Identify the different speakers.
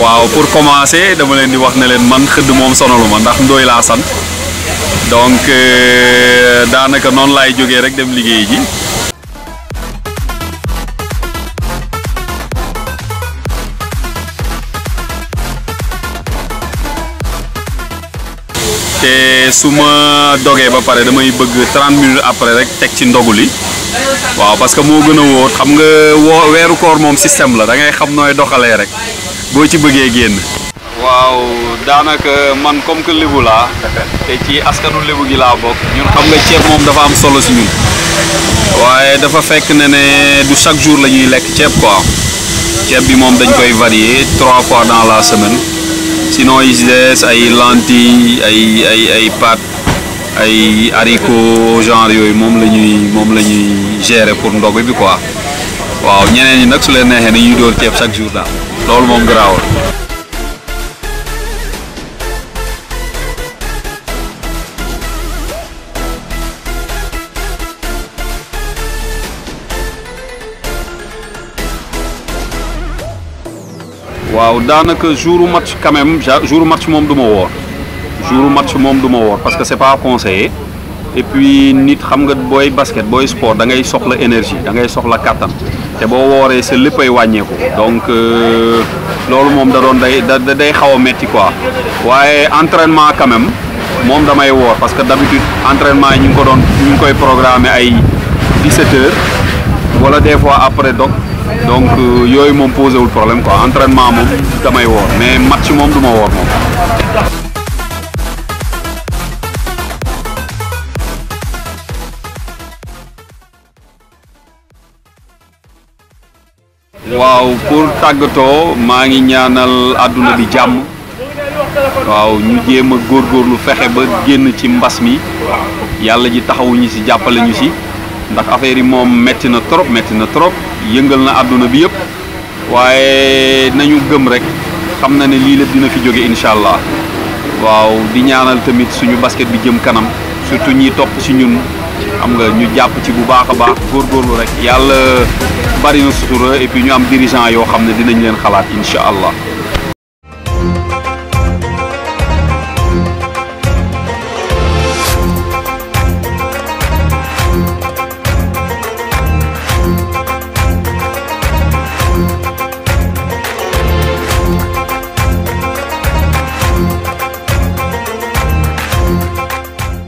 Speaker 1: waaw pour commencer dama leen di wax ne leen man xëdd moom sonaluma ndax ndooy laa san donc eh, daanaka noonu laay jógee rek dem liggéey ji te su ma dogee eh, ba pare damay bëgg 30 minutes après rek teg ci ndoguli waaw parce que moo gën a woo xam nga woo weeru koor moom système la da ngay xam nooy doxalee rek boo ci bëggee génn. waaw daanaka man comme que lébu laa te ci askanu lébu gi laa bokk ñun xam nga ceeb moom dafa am solo si ñun waaye dafa fekk ne ne du chaque jour la ñuy lekk ceeb quoi ceeb bi moom dañ koy varier trois fois dans la semaine sinon yi si ay lentilles ay ay ay ay haricots genre yooyu moom la ñuy moom la ñuy gérer pour ndog bi quoi. waaw ñeneen yi nag su leen neexee dañuy dóor ceeb chaque jour daal loolu moom garaawul. waaw daanaka jour match quand même jour match moom du ma woor jour match moom du ma woor parce que c'est pas conseillé et puis nit xam nga booy basket booy sport da ngay soxla énergie dangay ngay soxla kàttan te boo wooree sa léppay wàññeeku donc euh, loolu mom da don day da day xaw metti quoi wayé entraînement quand même mom damay wor parce que d'habitude entraînement yi ñu ko don ñu ngi koy programmer ay 17 h wala des fois après donc donc euh, yoy mom posé wul problème quoi entraînement mom damay wor mais match mom du wor mom waaw pour tàggatoo maa ngi ñaanal àdduna bi jàmm waaw ñu jéem a góorgóorlu fexe ba génn ci mbas mi yàlla ji taxawu ñu si jàppale ñu si ndax affaire yi moom metti na trop metti na trop yëngal na àdduna bi yëpp waaye nañu gëm rek xam na ne la dina fi jóge incha allah waaw di ñaanal tamit suñu basket bi jëm kanam surtout ñi top si ñun xam nga ñu jàpp ci bu baax a baax góorgóorlu rek yàlla bari na sutura et puis ñu am dirigeant yoo xam ne dinañ leen xalaat incha allah